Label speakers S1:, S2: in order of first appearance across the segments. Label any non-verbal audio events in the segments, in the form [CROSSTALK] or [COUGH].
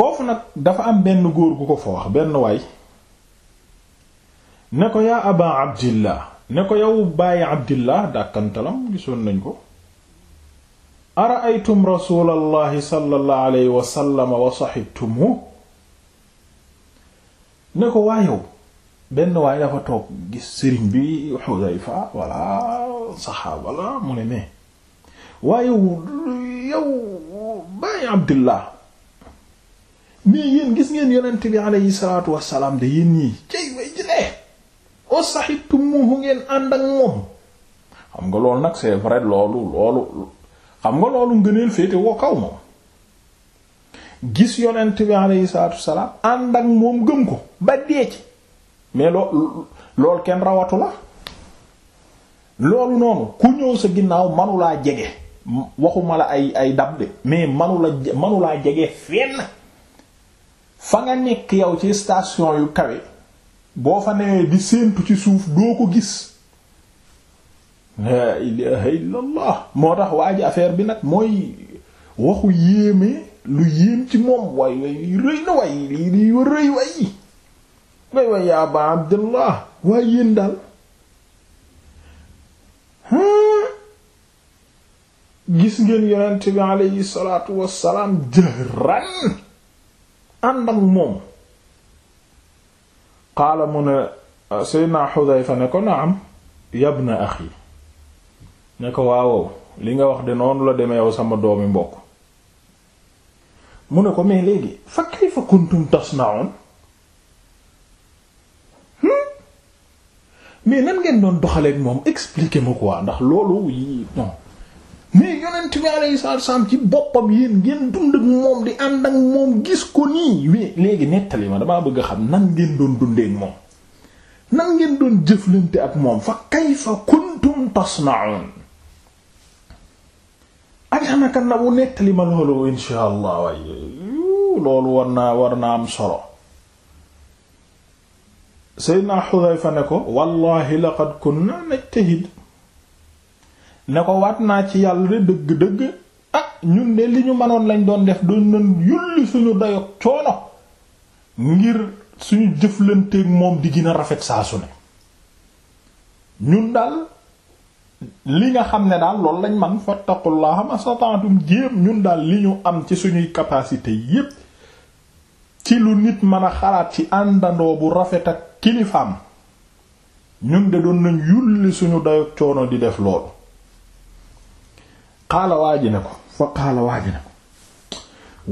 S1: foofu nag dafa am benn góor gu ko fa wax benn waay ne ko yaa aba abdillah ne ko yow bàyyi abdillah dàkkantalam gisoon nañ ko araaytum rasulallahi sallallahu alayhi wasallama wa saxibtumu ne ko waa yow benn waay dafa toog gis sëriñ bi Xudayfa walla saxaaba la mu ne mais waa yow yow bàyyi abdillah mais yéen gis ngeen yonent bi aleyhi salaatu wassalaam de yéen ñii cay way jëlee o saxibtum muhu ngeen ànd ak moom xam nga loolu nag c'est vrai loolu loolu xam nga loolu ngëneel féete woo kaw moom gis yonent bi aleyhi salaatu wassalaam ànd ak moom gëm ko ba dee ci mais loo kenn rawatu la loolu noonu ku ñëw sa ginnaaw manulaa jege waxuma la ay ay dab de mais manula manulaa jege fenn fa nga nekk yow ci station yu kawe boo fa nee di séentu ci suuf doo ko gis laa ilaha illallah moo tax waa ji bi nag mooy waxu yéeme lu yéem ci moom way way rëy na way lii lii rëy yaa ba abdullah waaye yéen daal gis ngeen yonent bi aleyhi salaatu wassalaam jëran àndam ak moom qaala mu ne Seydina Xudayfa ne ko naam yabna axi ne ko waawow li nga wax de noonu la demee yow sama doomi mbokk mu ne ko mais léegi fa kayfa kuntum tasna'un hmm? mais nan ngeen doon doxaleek moom expliquer ma quoi ndax loolu yi non mais yonent bi alayhi salaatu salaam ci boppam yéen ngeen dund ak moom di ànd ak moom gis ko nii mais léegi nettali ma damaa bëgg a xam nan ngeen doon dundee ak moom nan ngeen doon jëflante ak moom fa kayfa kuntum tasna'un ajanaka na bu nettali ma loolu insha allah waaye loolu war naa war naa am solo Seydina Xudayfa ne ko wallahi laqad kunna najtahid ne ko waat naa ci yàlla de dëgg-dëgg ah ñun de li ñu mënoon lañ doon def doon nañ yulli suñu dayog coono ngir suñu jëflanteeg moom di gën rafet saasu su ne ñun daal li nga xam ne daal loolu lañ man fattaqullaha masata'tum jéem ñun daal li ñu am ci suñuy capacité yépp ci lu nit mën a xalaat ci àndandoo bu rafet ak kilifaam ñun de doon nañ yulli suñu dayog coono di def loolu qaala waaji ne ko fa qaala waaji ne ko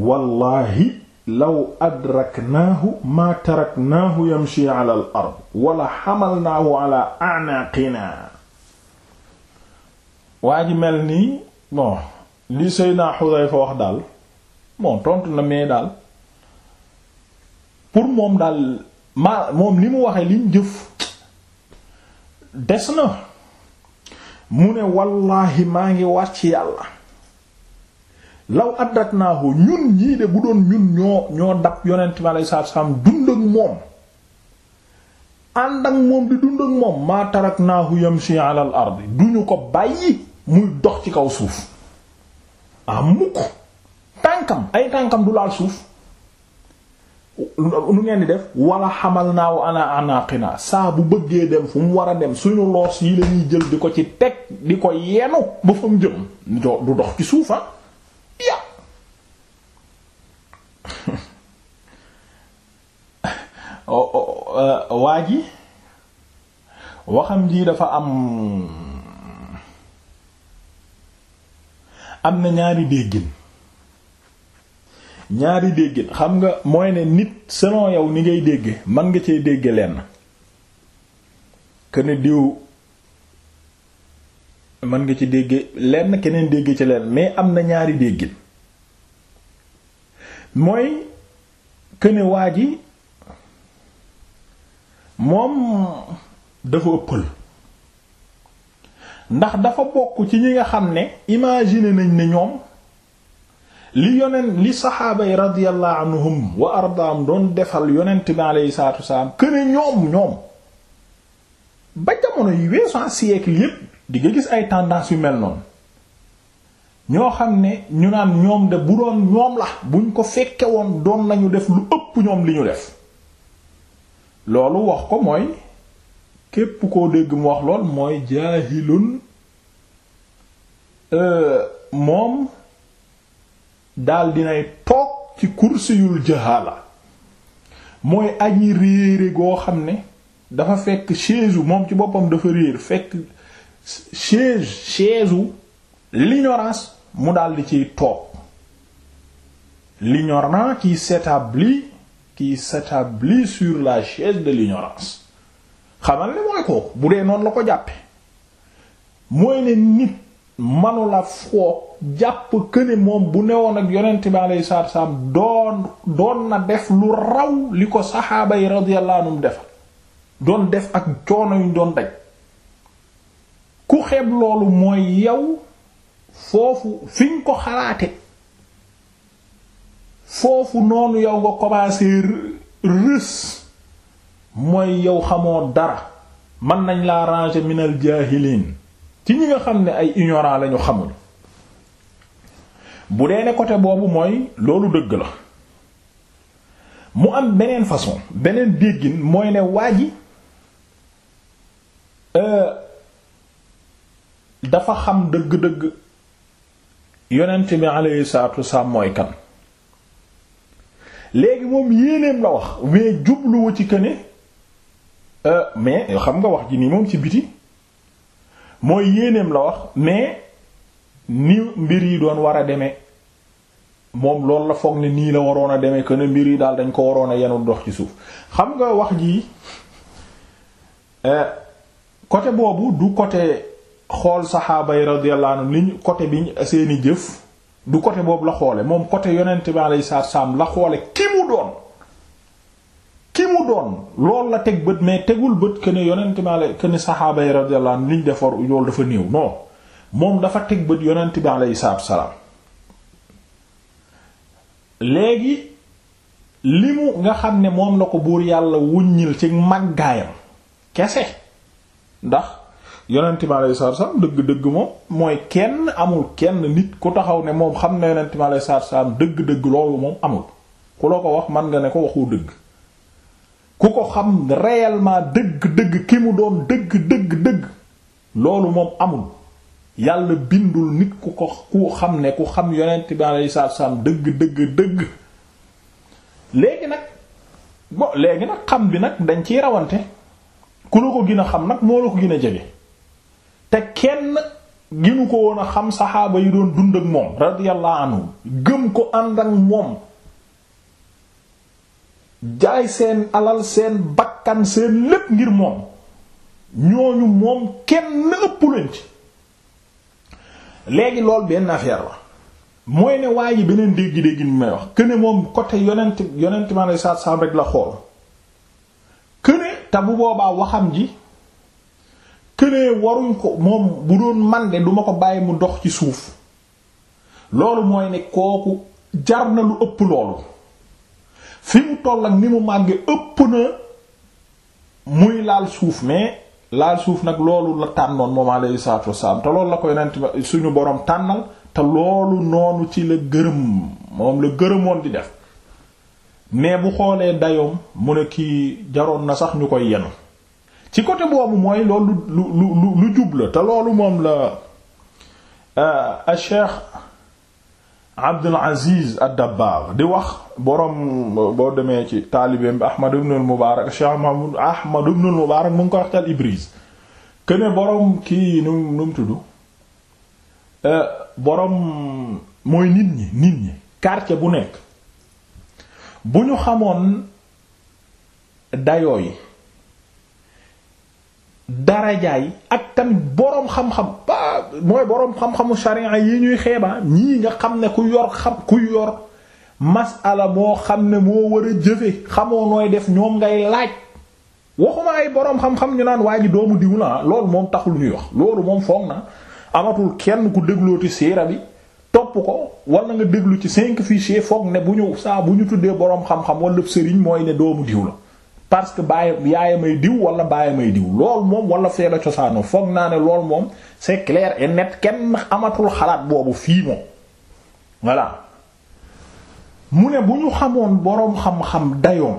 S1: wallaahi law adraknaahu maa taraknaahu yamshi ala al ard wala xamalnaahu ala a'naaqinaa waa ji mel nii bon li Seydina Xudayfa wax daal bon tontu na mais daal pour moom daal moom li mu waxee liñ jëf des na mu ne wallaahi maa ngi war ci yàlla law adraknaahu ñun ñii de bu doon ñun ñoo ñoo dab yonent bi alayhi salaatu salaam dund ak moom ànd ak moom di dund ak moom maa taraknaahu yamshi ala al ardi ko bàyyi muy dox ci kaw suuf a ah, tànkam ay tànkam du laal suuf nu ngeen di def wala xamal naa wa ana anaqina saa bu bëggee dem fu mu war a dem suñu loos yi lañuy jël di ko ci teg di ko yenu ba fa mu jëm du dox ci suufa ah. ya [LAUGHS] oh, oh, euh, waa ji waxam ji dafa am am na ñaari déggin ñaari déggin xam nga mooy ne nit selon yow ni ngay dégge man nga cee dégge lenn kene diw mën nga ci dégge lenn keneen dégge ci lenn mais am na ñaari déggin mooy këne waa ji moom dafa ëppal ndax dafa bokk ci ñi nga xam ne imagine nañ ne ñoom li yonent saxaaba yi radiyallahu anhum wa ardaam doon defal yonent bi alayhi salaatu wasalaam këne ñoom ñoom ba jamono yi weesu siècle yépp di nga gis ay tendance yu mel noonu ñoo xam ne ñu naan ñoom de bu doon ñoom la buñ ko fekke woon doon nañu def lu ëpp ñoom li ñu def loolu wax ko mooy képp koo dégg mu wax lool mooy jaahilun euh, moom daal dinay toog ci kursiyul jahala mooy añi réere goo xam ne dafa fekk chaise moom ci boppam dafa réer fekk chaise chaise l'ignorance mu daal di ciy toog l'ignorant qui s'établit qui s'établit sur la chaise de l'ignorance xamal ne mooy ko bu dee noonu la ko jàppe mooy ne nit manula foog jàpp këne moom bu newoon ak yonent bi alayhi salaatu salaam doon doon na def lu raw li ko saxaaba yi radiyallahu defa doon def ak coono yuñ doon daj ku xeeb loolu mooy yow foofu fiñ ko xalaate foofu noonu yow nga commencé rës mooy yow xamoo dara mën nañ la ranger minal jaahiliin ci ñi nga xam ne ay ignorant lañu xamuñu bu dee ne côté boobu mooy loolu dëgg la mu am beneen façon beneen déggin mooy ne waa ji euh, dafa xam dëgg-dëgg yonent bi alayhi salaatu wasalaam mooy kan léegi moom yéeneem la wax mais jubluwu ci këne ne euh, mais xam nga wax ji nii moom ci biti mooy yéeneem la wax mais ni mbir yi doon war a demee moom loolu la foog ne nii la waroon a demee que ne mbir yi daal dañ ko waroon a yenu dox ci suuf xam nga wax jii eh, côté boobu du côté xool saxaaba yi radiyallahu anhum liñ côté biñ seeni jëf du côté boobu la xoole moom côté yonent bi alayhi salaam la xoole ki mu doon mu doon loolu la teg bët mais tegul bët que ne yonent bi ale que ne saxaaba dafa néew non moom dafa teg bët yonent bi aleyhi salaatu léegi li mu nga xam ne moom la ko buur yàlla wuññil ci màggaayam kese ndax yonent bi aleyhi salaatu salaam dëgg-dëgg moom mooy kenn amul kenn nit ku taxaw ne moom xam na yonent bi aleyhi dëgg-dëgg loolu moom amul ku la ko wax man nga ne ko waxu dëgg. ku ko xam réellement dëgg-dëgg ki mu doon dëgg-dëgg-dëgg loolu moom amul yàlla bindul nit ku ko ku xam ne ku xam yonent bi alayhi salaatu salaam dëgg dëgg léegi nag bon léegi nag xam bi nag dañ ciy rawante ku la ko gin a xam nag moo la ko gën a jege te kenn ginu ko woon a xam saxaaba yi doon dund ak moom radiyallahu anhu gëm ko ànd moom jaay seen alal seen bakkan seen lépp ngir moom ñooñu moom kenn ëpp leen ci léegi lool benn affaire la mooy ne waa ji beneen dégg-dégg bi may wax que ne moom côté yonent yonent ma ne saa saa rek la xool que ne te boobaa waxam ji que waruñ ko moom bu doon man de duma ko bàyyi mu dox ci suuf loolu mooy ne kooku jar na lu ëpp loolu. fi mu toll ak ni mu màggee ëpp na muy laal suuf mais laal suuf nag loolu la tànnoon moom alayhi salaatu wassalaam te loolu la koy nent suñu borom tànnal te loolu noonu ci la gërëm moom la gërëmoon di def mais bu xoolee dayoom mu ne kii jaroon na sax ñu koy yenu ci côté boobu mooy loolu lu lu lu jub la te loolu moom la a euh, Cheikh Abdul Aziz ad-Dabbaagh di wax borom boo demee ci taalibeem bi Ahmad ibn al-Mubaarak Cheikh Mahmoud Ahmad ibn al-Mubaarak mu ko wax tal Ibriz këne borom kii nu nu mu tudd eh, borom mooy nit ñi nit ñi quartier bu nekk bu ñu xamoon dayoo yi yi ak tamit boroom xam-xam ba mooy boroom xam-xamu sharia yi ñuy xeeba ñii nga xam ne ku yor xam ku yor masala moo xam ne moo war a jëfe xamoo nooy def ñoom ngay laaj waxuma ay boroom xam-xam ñu naan waa ji doomu diw la loolu moom taxul ñuy wax loolu moom foog na amatul kenn ku déglooti siira bi topp ko wala nga déglu ci cinq fichiers foog ne bu ñu saa bu ñu tuddee boroom xam-xam wala sëriñ mooy ne doomu diw la parce que baay yaayamay diw wala baayamay diw lool moom wala fee la cosaano foog naa ne lool moom c'est clair et net kenn amatul xalaat boobu fii moom voilà mu ne bu ñu xamoon boroom xam-xam dayoom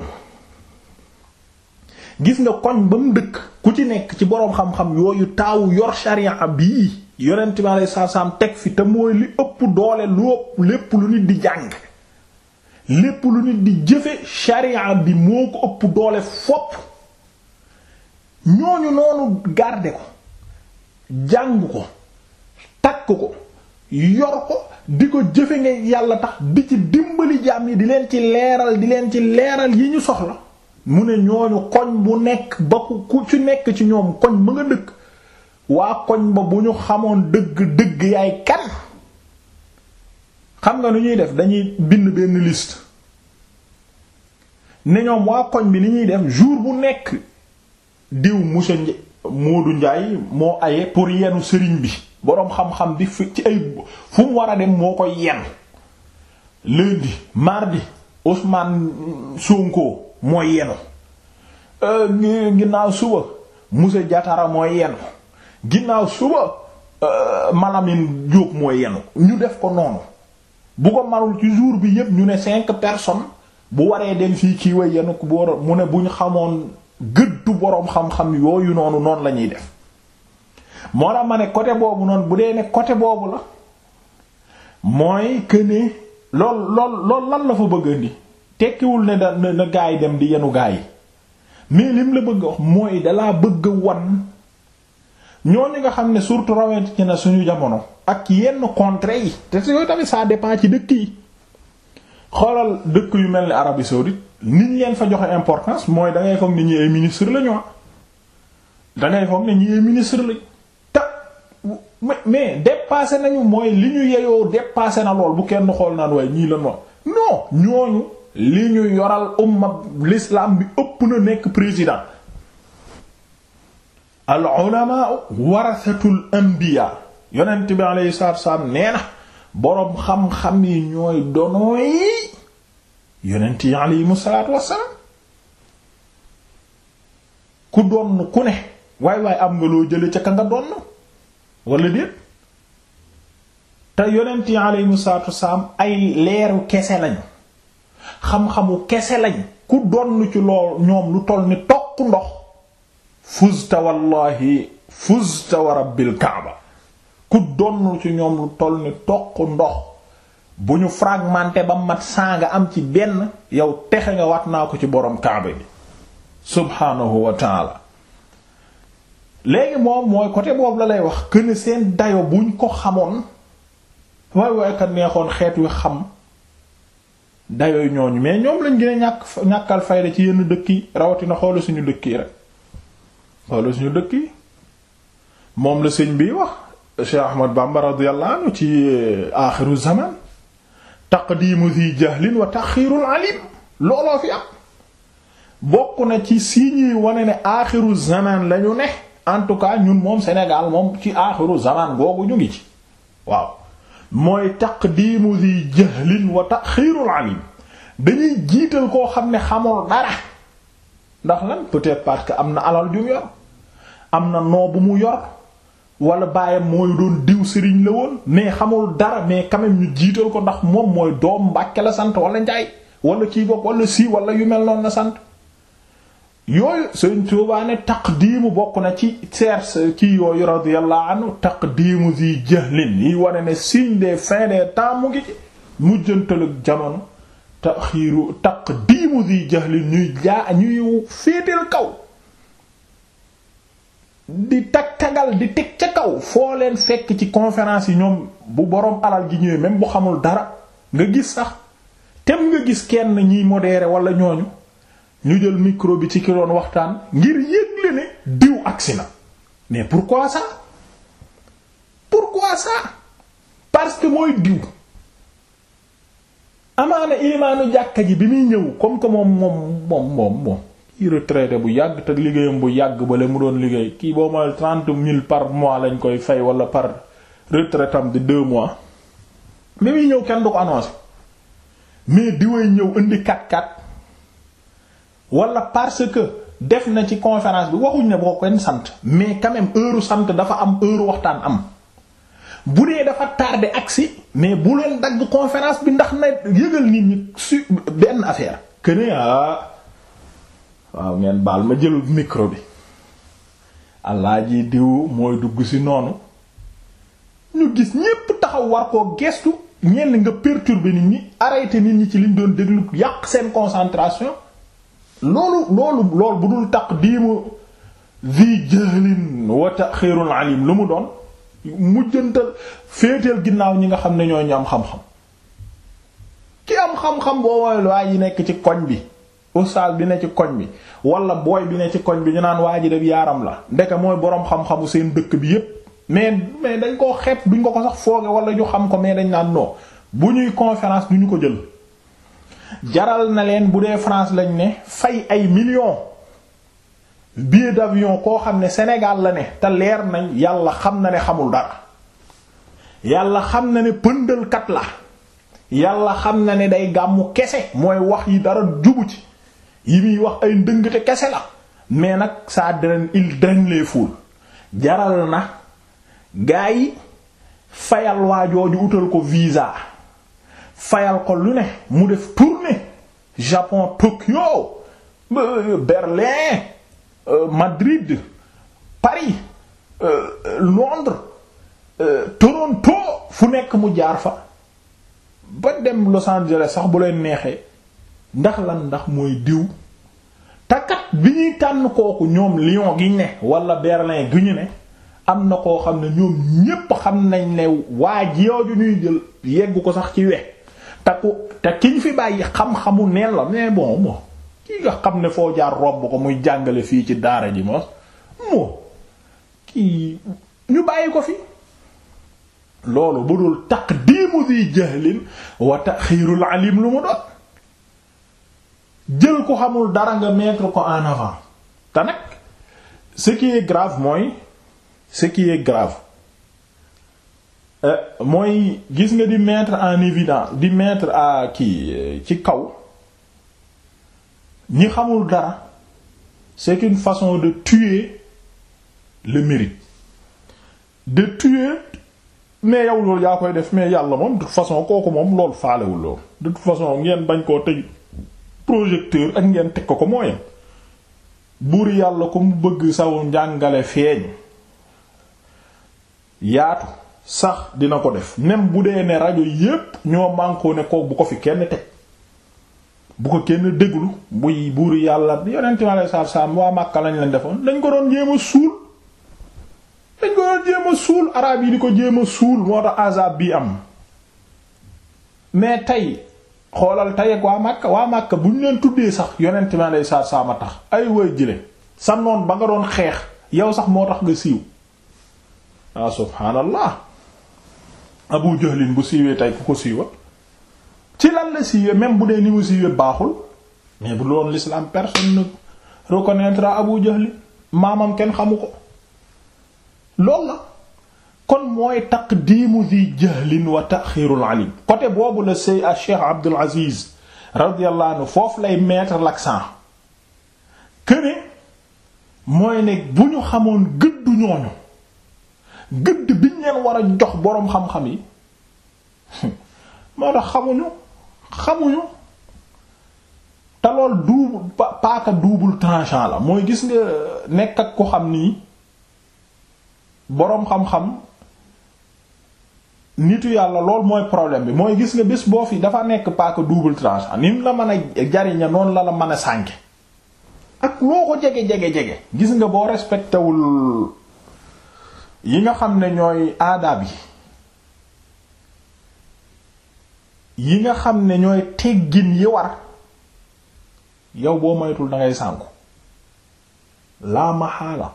S1: gis nga koñ bam dëkk ku ci nekk ci boroom xam-xam yooyu taawu yor sharia bii yonent bi alayhi salaam teg fi te mooy li ëpp doole lu lépp lu nit di jàng lépp lu nit di jëfe sharia bi moo ko ëpp doole fopp ñooñu noonu garde ko jàng ko takk ko yor ko di ko jëfe nga yàlla tax bi ci dimbali jaam yi di leen ci leeral di leen ci leeral yi ñu soxla mu ne ñooñu koñ bu nekk ba ku ci nekk ci ñoom koñ ma nga dëkk waa koñ ba bu ñu xamoon dëgg dëgg yaay kan xam nga nu ñuy def dañuy bind benn liste ne ñoom waa koñ bi ni ñuy def jour bu nekk diw monsieur Moodu Njaay moo aye pour yenu sëriñ bi boroom xam-xam bi fi ci ay fu war a dem moo koy yen lundi mardi Ousmane Sonko mooy yenu euh, ginnaaw suba monsieur Diatara mooy yen ginnaaw suba euh, Malamine Diop mooy yenu ñu def ko noonu bu ko marul ci jour bi yépp ñu ne cinq personnes bu waree dem fii kii way yenn ku war mu ne buñ xamoon gëddu boroom xam-xam yooyu noonu noonu la ñuy def moo la ma ne côté boobu noonu bu dee ne côté boobu la mooy que ne lool lool lool lan la fa bëgg indi tekkiwul ne da na gaa yi dem di yenu gaa yi mais lim la bëgg wax mooy dalaa bëgg wan ñoo ñooñu nga xam ne surtout rawante ci na suñu jamono ak yenn contrées yi te yooyu tamit ça dépend ci dëkk yi xoolal dëkk yu mel ni Arabie saoudite niñ leen fa joxe importance mooy da ngay foog ni ñi ay ministre la ñu ah. da ngay ñi ay ministre lañ te mais dépassé nañu mooy li ñu yeyoo dépassé na lool bu kenn xool naan waaye ñii lan wa non ñooñu li ñu yoral umma l'islam bi ëpp na nekk président al ulamaa warasatul anbiyaa yonent bi alayhi salaatu wassalaam nee na boroom xam-xam yi ñooy donooy yonent yi alayhimu salaatu wassalaam ku donn ku ne waay waay am nga loo jël ca ka nga donn wala déet te yonent yi alayhimu salaatu ay leeru kese lañu xam-xamu kese lañ ku donn ci lool ñoom lu toll ni tokk ndox fuzta wallahi fuzta wa rabbil kaaba ku donn ci ñoom lu toll ni toq ndox bu ñu fragmenté ba mat saa nga am ci benn yow texe nga wat naa ko ci borom kaaba bi subhaanahu wa taala léegi moom mooy côté boobu la lay wax kën seen dayo buñ ko xamoon waay waay ka neexoon xeet wi xam dayo ñooñu mais ñoom lañ gën a ñàkk ñàkkal fayda ci yenn dëkk yi rawatina xoolu suñu dëkk yi loolu suñu dëkk yi moom la sëñ bii wax Cheikh Ahmad Bamba radiyallahu anhu ci eh, aaxiru zaman taqdimu zi jahlin wa taxiirul alim looloo fi am bokk na ci si yi wane ne aaxiru zaman lañu ne en tout cas ñun moom Sénégal moom ci aaxiru zaman googu ñu ngi ci waaw mooy taqdimu zi jahlin wa taxiirul alim dañuy jiital koo xam ne xamoo dara ndax lan peut-être parce que am na alal ju yor am na noo bu mu yor wala baayam mooy doon diw sëriñ la woon mais xamul dara mais quand même ñu jiital ko ndax moom mooy doom Mbàkke la sant wala Njaay wala kii bokk wala sii walla yu mel noonu la sant yooyu Sëriñ Tuubaa ne taqdiimu bokk na ci cerce ci yooyu radiyallahu anhu taqdiimu zi jahlin yi wane ne signe des fins des temps mu ngi ci mujjantalu jamono taxiiru taqdiimu zi jahlin ñuy jaa ñuy féetal kaw di tag tagal di teg ca kaw foo leen fekk ci conférence yi ñoom bu boroom alal ji ñëwee même bu xamul dara nga gis sax tem nga gis kenn ñiy modéré wala ñooñu ñu jël micro bi ci ki doon waxtaan ngir yëgle ne diw agsi na mais pourquoi ça pourquoi ça parce que mooy diw amaana imaanu jàkka ji bi muy ñëw comme que moom moom moom moom moom kii retraité bu yàgg te liggéeyam bu yàgg bale mu doon liggéey kii boo mooy trente mille par mois lañ koy fay wala par retraitam de deux mois mais muy ñëw kenn du ko annoncé mais di ñëw indi kat kat wala parce que def na ci conférence bi waxuñ ne boo kenn sant mais quand heure sant dafa am heure waxtaan am bu dee dafa tardé agsi mais bu leen dagg conférence bi ndax na yëgal nit ñi su benn affaire que ah. waaw ngeen baal ma jël micro bi ji diw mooy dugg ci noonu ñu gis ñépp taxaw war koo gestu ñenn nga perturber nit ñi arrêté nit ñi ci liñ doon déglu yàq seen concentration loolu loolu loolu bu dul taqdiimu zi jahlin wa taxiirul alim lu mu doon mujjantal féeteel ginnaaw ñi nga xam ne ñoo ñam am xam-xam ki am xam-xam boo mooy waa yi nekk ci koñ bi ustaas bi ne ci koñ bi wala booy bi ne ci koñ bi ñu naan waa ji yaaram la ndeke mooy boroom xam-xamu seen dëkk bi yépp mais mais dañ koo xeeb duñ ko ko sax fooge wala ñu xam ko mais dañ naan non bu ñuy conférence ñu ko jël jaral na leen bu dee France lañ ne fay ay millions billet d'avion koo xam ne Sénégal la ne te leer nañ yàlla xam na ne xamul dara yàlla xam na ne pëndalkat la yàlla xam na ne day gàmmu kese mooy wax yi dara jubu ci yi muy wax ay ndëngte kese la mais nag saa draine il draine les foules jaral na gaa yi fayal waa jooju utal ko visa fayal ko lu ne mu def tournée Japon Tokyo Berlin euh, Madrid Paris euh, Londres euh, Toronto fu nekk mu jaar fa ba dem Los Angeles sax bu leen neexee ndax lan ndax mooy diw takat bi ñuy tànn kooku ñoom Lyon gi ne walla Berlin gi ñu ne am na koo xam ne ñoom ñépp xam nañ ne waa jooju ñuy jël yeggu ko sax ci we te ku te fi bàyyi xam-xamu neen la mais bon moom kii nga xam ne foo jaar robb ko muy jàngale fii ci daara ji mos moo kii ñu bàyyi ko fi loolu bu dul taqdimu di jahlin wa taxiirul alim lu mu do jël ko xamul dara nga mettre ko en avant te nag ce qui grave mooy ce qui est grave euh, mooy gis nga di mètre en évidence di mètre à kii euh, ci kaw ñi xamul dara c'est une façon de tuer le mérite de tuer mais yow loolu yaa koy def mais yàlla moom de façon kooku moom loolu faalewul loolu de façon ngeen bañ koo tëj projecteur ak ngeen teg ko ko mooy buur yàlla ko mu bëgg saw njàngale feeñ yaatu sax dina ko def même bu dee ne rajo yépp ñoo mànkoo ne ko bu ko fi kenn teg bu ko kenn déglu buy buur yàlla yonent mi alayhi salaatu salaam waa Makka lañ leen defoon dañ ko doon jéem a suul dañ ko doon jéem suul araab yi di ko jéem suul moo tax azab bi am mais tey xoolal tayeg waa Màkka waa Màkka bu ñu leen tuddee sax yonent ma lay saa saa ma tax ay way jële sa noon ba nga doon xeex yow sax moo tax nga siiw ah subhaanallah Abu Jahlin bu siiwee tey ku ko siiwa ci lan la siiwee même bu dee ni mu siiwee baaxul mais bu doon l'islam personne ne reconnaîtra Abu Jahlin maamam kenn xamu ko lool la kon mooy taqdiimu zi jahlin wa taxiirul alim côté boobu la sey a cheikh Abdul Aziz radiyallahu foofu lay mettre l'accent këne mooy ne bu ñu xamoon gëddu ñooñu gëdd biñ leen war a jox boroom xam-xam yi moo tax xamuñu xamuñu te lool double paaka double tranchant la mooy gis nga nekk ak ko xam nii boroom xam-xam nitu yàlla loolu mooy problème bi mooy gis nga bés boo fii dafa nekk paaka double tranchant nim la man a jariña noonu la la mën a sànke ak loo ko jege jege jege gis nga boo respecté wul yi nga xam ne ñooy aadaab yi yi nga xam ne ñooy teggin yi war yow boo moytul da ngay sànku laa maxaala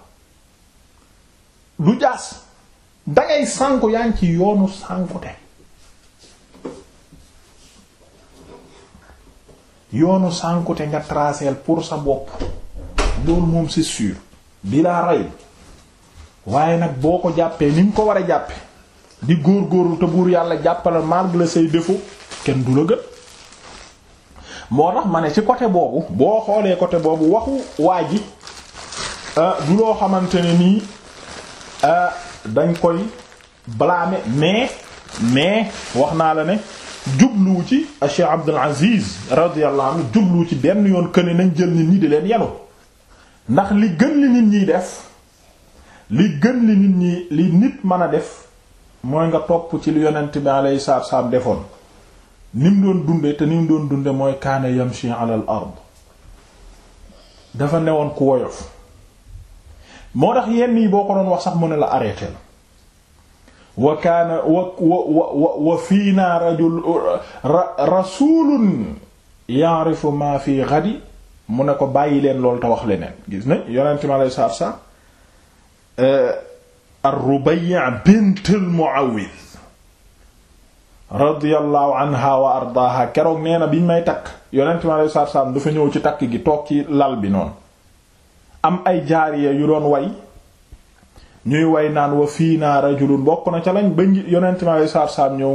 S1: du jaas dangay sànku yaa ngi ci yoonu sànkute yoonu sànkute nga traceel pour sa bopp loolu moom c'est sûr bi laa rey waaye nag boo ko jàppee ni nga ko war a jàppe di góor-góorlu te buur yàlla jàppale malgré say défauts kenn du la gën moo tax ma ne ci côté boobu boo xoolee côté boobu waxu waa ji euh, du loo xamante ne nii euh, dañ koy blâmer mais mais wax naa la ne jubluwu ci Cheikh Abdul Aziz radiyallahu anhu jubluwu ci benn yoon que ne nañ jël nit ñi di leen yenu ndax li gën li nit def li gën li nit ñi li nit mën a def mooy nga topp ci li yonent bi alayhi salaatu salaam defoon ni doon dunde te ni mu doon dunde mooy kaana yamshi ala al ard dafa newoon ku woyof moo tax yenn yi boo ko doon wax sax mu ne la arrêté la wa kaana wa wa wa fiina rajul rasulun ya'rifu ma fi ghadi mu ne ko bàyyi leen loolu te wax leneen gis nañ yonente mi alei saatu salam euh, ar-Rubayyi' bint al-Mu'awwidh keroog nee bi may takk yonente mi alei saatu salaam dafa ñëw ci takk gi toog ci lal bi noonu am ay jaariya yu doon way ñuy way naan wa fii naa rajulun bokk na ca lañ ba yonent mi alayhi salaatu salaam ñëw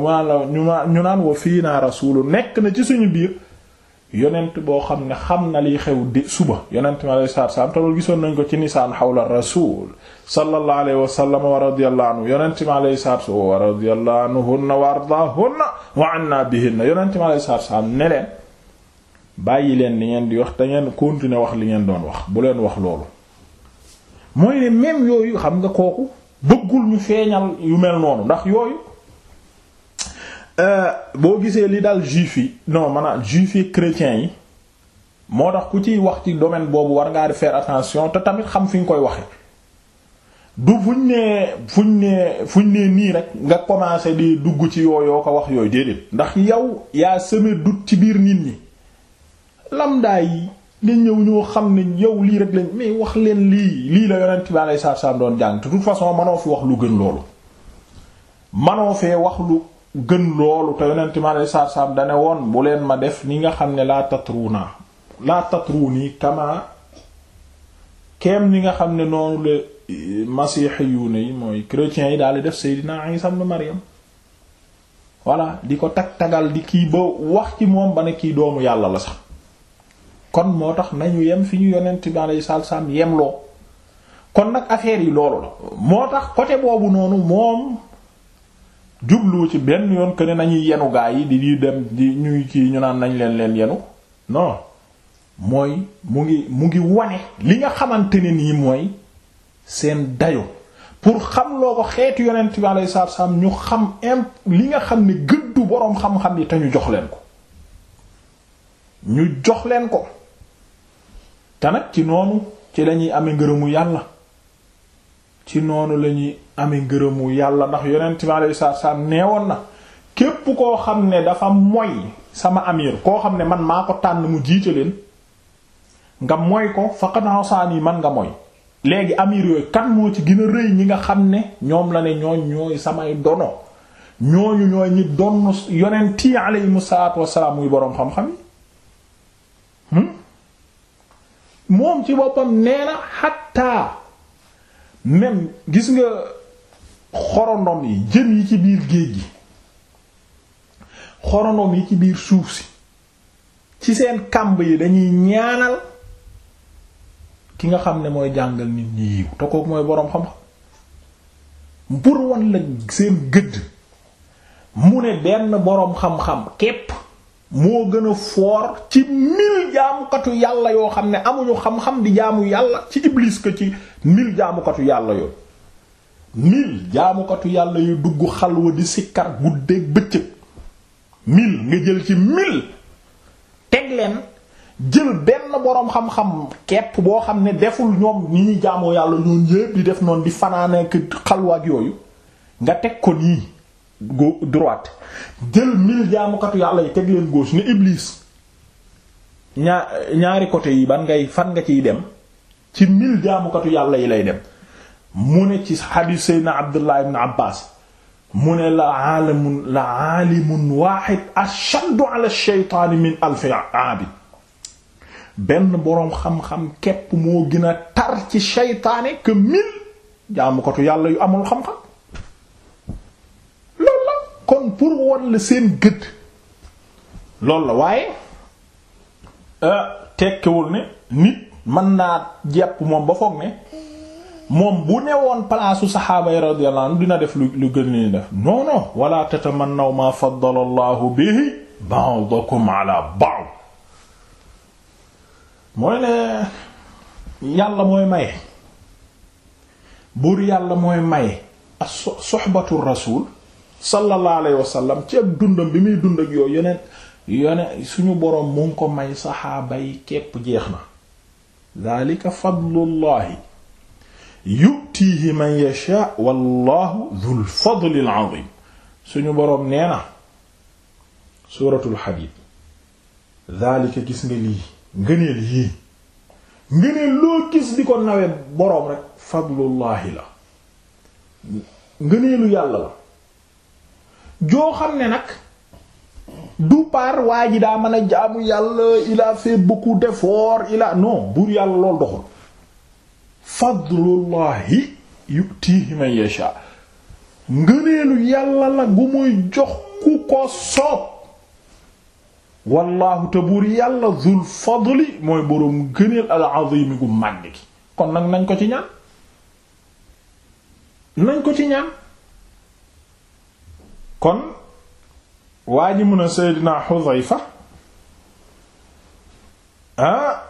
S1: ñu naan wa fii naa rasuulun nekk na ci suñu biir yonent boo xam ne xam na liy xew di suba yonent mi alayhi gisoon nañ ko ci nisaan xawla rasuul sallallahu alayhi wa sallam wa radiyallahu anhu yonent mi alayhi salaatu salaam wa radiyallahu anhunna wa ardaahunna wa anna ne leen bàyyi leen li ngeen di wax te ngeen wax li ngeen doon wax bu leen wax loolu mooy ne même yooyu xam nga kooku dëggul ñu feeñal yu mel noonu ndax yooyu euh, boo gisee li dal juif yi non maanaam juif yi chrétiens yi moo tax ku ci wax ci domaine boobu war ngaa di attention te tamit xam fi nga koy waxe du fuñ nee fuñ nee fuñ nee nii rek nga commencer di dugg ci yooyu yoo ko wax yooyu déedéet ndax yow yaa semé doute ci biir nit ñi lamdaay yi nga ñëw ñoo xam ne yow lii rek lañ mais wax leen lii lii la yonent bi alayhi salaatu salaam doon jàng de toute façon manoo fi wax lu gën loolu manoo fee wax lu gën loolu te yonent bi alayhi salaatu salaam dane woon bu leen ma def ni nga xam ne laa tatruuna laa tatruuni kama keem ni nga xam ne noonu la e, masihiyuuna yi mooy chrétiens yi daal di def Seydina Isa ibn Maryam voilà di ko tag tagal di kii ba wax ci moom ba ne kii doomu yàlla la sax kon moo tax nañu yem fi ñu nay bi alayhi yem loo kon nag affaire yi loolu la moo tax côté boobu noonu moom jublu ci benn yoon que ne nañuy yenu gaa yi di dem di ñuy kii ñu naan nañ leen leen yenu non mooy mu ngi mu ngi wane li nga xamante ne nii mooy seen dayo pour xam loo ko xeetu yonent bi alayhi salaam ñu xam imp li nga xam ne gëddu boroom xam-xam yi te ñu jox leen ko ñu jox leen ko te nag ci noonu ci lañuy amee ngërëmu yàlla ci noonu lañuy amee ngërëmu yàlla ndax yonent bi alayhi salaatu nee neewoon na képp koo xam ne dafa moy sama amir koo xam ne man maa ko tànn mu jiite leen nga moy ko faqad asaani man nga moy léegi amir yooyu kan moo ci gën a rëy ñi nga xam ne ñoom la ne ñooñ ñooy samay dono ñooñu ñooy ñi donn yonent yi aleyhimu salaatu wassalaam muy boroom xam-xam yi moom ci boppam nee na xatta même gis nga xorondom yi jën yi ci biir géej gi xorondom yi ci biir suuf si ci seen kàmb yi dañuy ñaanal ki nga xam ne mooy jàngal nit ñi yiw te kooku mooy boroom xam-xam pour wan la seen gëdd mu ne benn boroom xam-xam képp moo gën a foor ci mil jaamukatu yàlla yoo xam ne amuñu xam-xam di jaamu yàlla ci iblis que ci mil jaamukatu yàlla yooyu mil jaamukatu yàlla yu dugg xalwa di sikkar guddeeg bëccëg mil nga jël ci mil teg leen jël benn boroom xam-xam kepp boo xam ne deful ñoom ni ñuy jaamoo yàlla ñoon yépp di def noonu di fanaanekk xalwaak yooyu nga teg ko nii gau droite jël mil jaamukatu yàlla yi teg leen gauche ne Iblis ñaa ñaari côté yi ban ngay fan nga ciy dem ci mil jaamukatu yàlla yi lay dem mu ne ci hadith Seydina Abdullah ibn Abbas mu ne la aalimun la aalimun waaxid ashaddu ala shaytaani min alfi aabid benn boroom xam-xam képp moo gën a tar ci shaytaane que mil jaamukatu yàlla yu amul xam-xam. wan la seen gët loolu la waaye euh, tekkiwul ne nit mën naa jàpp moom ba foog ne moom bu newoon palaasu saxaaba yi radiyallahu dina def lu lu gën leen def non wala tatamannaw ma faddala allahu bihi ba'dakum ala ba'd mooy ne yàlla mooy maye buur yàlla mooy maye as soxbatu rasul sallallahu alayhi wasallam ci bi muy dund ak yooyu yeneen suñu boroom mu ko may saxaaba yi képp jeex na daalika fadlullahi yutiihi man yasha wallahu suñu boroom nee na suuratul xadiid daalika gis nga lii ngëneel yii ngëneel loo gis di ko nawe boroom rek fadlullahi la ngëneelu yàlla la joo xam ne nag du par waa ji daa mën a jaamu yàlla il a fait beaucoup d'efforts il buur yàlla lool doxul fadlullahi yutihi man yasha ngëneelu yàlla la gu muy jox ku ko soob wallaahu te buur yàlla zul fadli mooy boroom ngëneel al azimi gu màgg kon nag nañ ko ci ñaan nañ ko ci ñaan kon waa ji mun a Seydina Xudayfa ah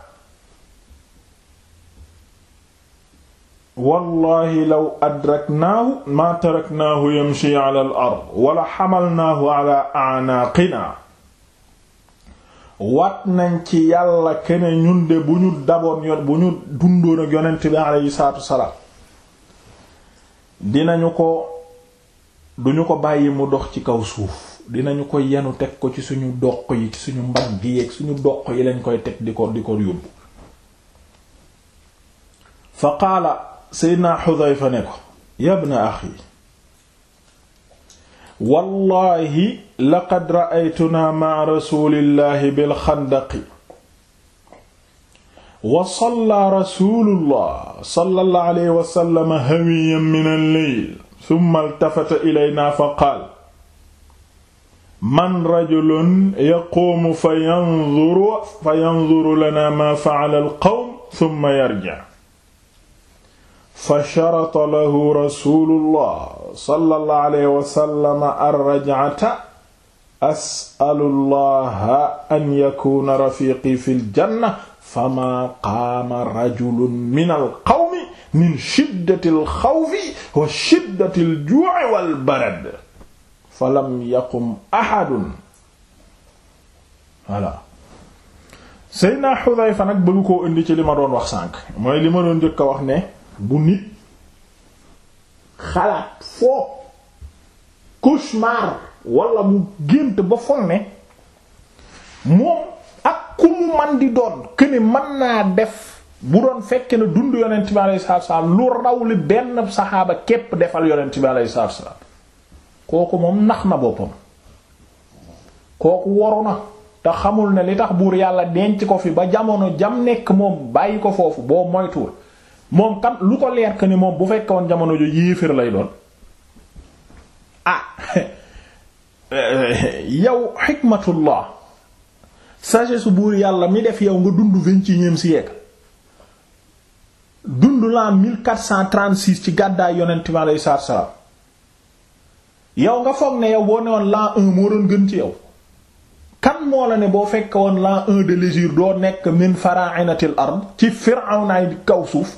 S1: wallahi law adraknaahu maa taraknaahu yamshi ala wala xamalnaahu ala anaaqina wat ci yàlla kene ñun de bu ñu daboon yoon bu ñu dundoon ak yonent bi aleyhi wasalaam dinañu ko duñu ko bàyyi mu dox ci kaw suuf dinañu ko yenu teg ko ci suñu doq yi ci suñu mbagg yi ak suñu doq yi lañ koy teg di ko di ko yóbbu fa qaala seydna xudayfa ne ko yabna axi wallahi laqad ra'aytunaa ma'a rasulillahi bil xandaqi wa salla rasulullah sallallahu alayhi wa sallam hawiyan min al summa altafata ilayna fa qaal man rajulun yaquumu fa yanzuru fa yanzuru lana ma fa'ala alqawm summa yarji' fa sharata lahu rasulullah sallallahu alayhi wa sallam ar-raj'ata as'alullaha an yakuna rafiqi fil janna fama qaama rajulun min alqawm min shiddatil xawfi wa shiddatil juu'i wal barad falam yaqum ahadun voilà Seydina Xudayfa nag bëgg koo indi ci li ma doon wax sànq mooy li ma doon jëkk a wax ne bu nit xalaat foo cauchemar wala mu gént ba foog moom ak ku mu man di doon que ne naa def bu doon fekk na dund yonent bi alayhi salaatu salaam lu raw li benn saxaaba képp defal yonent bi alayhi salaatu salaam kooku moom nax na boppam kooku waru na te xamul ne li tax buur yàlla denc ko fi ba jamono jam nekk moom bàyyi ko foofu boo moytuwul moom kam lu ko leer que ni moom bu fekkoon jamono jo yéefér lay doon ah [LAUGHS] yow xikmatullah sagesse buur yàlla mi def yow nga dund vingt-et-unième siècle dund l'an 1436 ci gàddaay yonent bi aleyhi salaatu salaam yow nga foog ne yow boo ne woon l'an moo doon gën ci yow kan moo la ne boo fekkee woon l'an de l'hégire doo nekk min fara'inatil ard ci firawnaay kaw suuf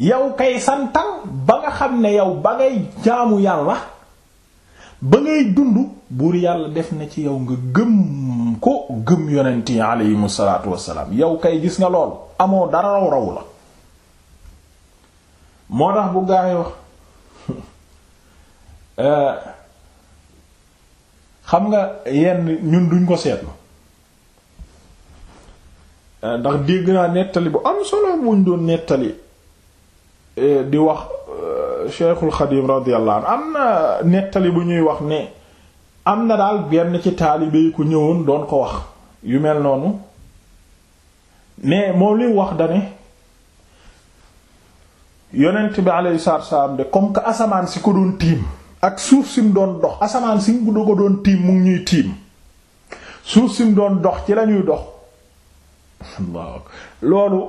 S1: yow kay santal ba nga xam ne yow ba ngay jaamu yàlla ba ngay dund buur yàlla def na ci yow nga gëm ko gëm yonent yi aleyhimu salaatu wassalaam yow kay gis nga lool amoo dara raw raw la moo tax bu gaa yi wax [LAUGHS] euh, xam nga yenn ñun duñ ko seetlu euh, ndax dégg naa nettali bu am solo buñ doon nettali euh, di wax Cheikhul Xadim radiyallahu anhu am na nettali bu ñuy wax ne am na daal benn ci taalibe ku ñëwoon doon ko wax yu mel noonu mais moom li wax dane yonent bi alayhi salaatu wassalaam de comme que asamaan si ko doon tiim ak suuf si mu doon dox asamaan si mu ko doon tiim mu ngi ñuy tiim suuf si mu doon dox ci lañuy dox waaw loolu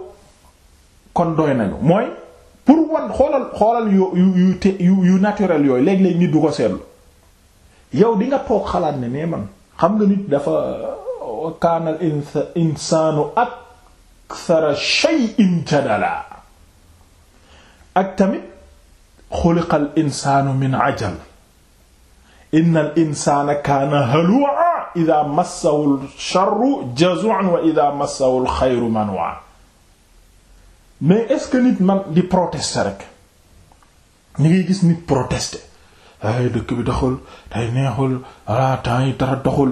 S1: kon doy nañu mooy pour wan xoolal xoolal yu yu yu naturel yooyu léeg-léeg nit du ko seetlu yow di toog xalaat ne nee man xam nga nit dafa kaanal insaanu ak akthara shay'in jadala ak tamit xuliqa al insaanu min ajal inna al insaana kaana halu'a idha massahu al sharru jazu'an wa idha massahu al khayru manwa mais est-ce que nit man di protester rek ni ngay gis nit protester ay dëkk bi doxul day neexul walla ah, temps yi dara doxul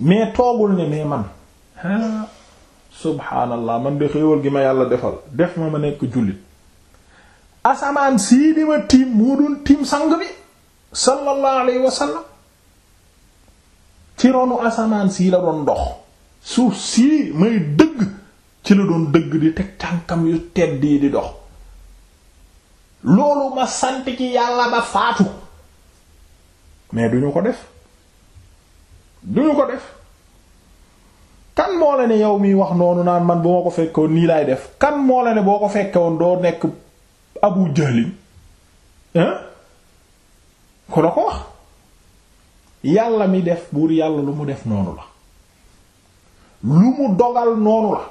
S1: mais toogul ne mais man ah subhaanallah man de xéewal gi ma yàlla defal def ma ma nekk jullit asamaan sii di ma tiim moo doon tiim sang bi sallallahu alayhi wa ci ronu asamaan sii la doon dox suuf sii may dëgg ci la doon dëgg di teg tànkam yu tedd yi di dox loolu ma sant ci yàlla ba faatu mais duñu ko def duñu ko def kan moo la ne yow miy wax noonu naan man bu ma ko fekkoon nii laay def kan moo la ne boo ko fekkewoon doo nekk abu jahlin hein ko ko wax yàlla mi def buur yàlla lu mu def noonu la lu mu dogal noonu la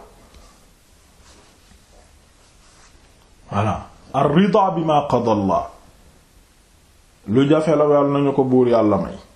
S1: voilà ar-rida bima qada Allah lu jafe la wel nañu ko buur yàlla may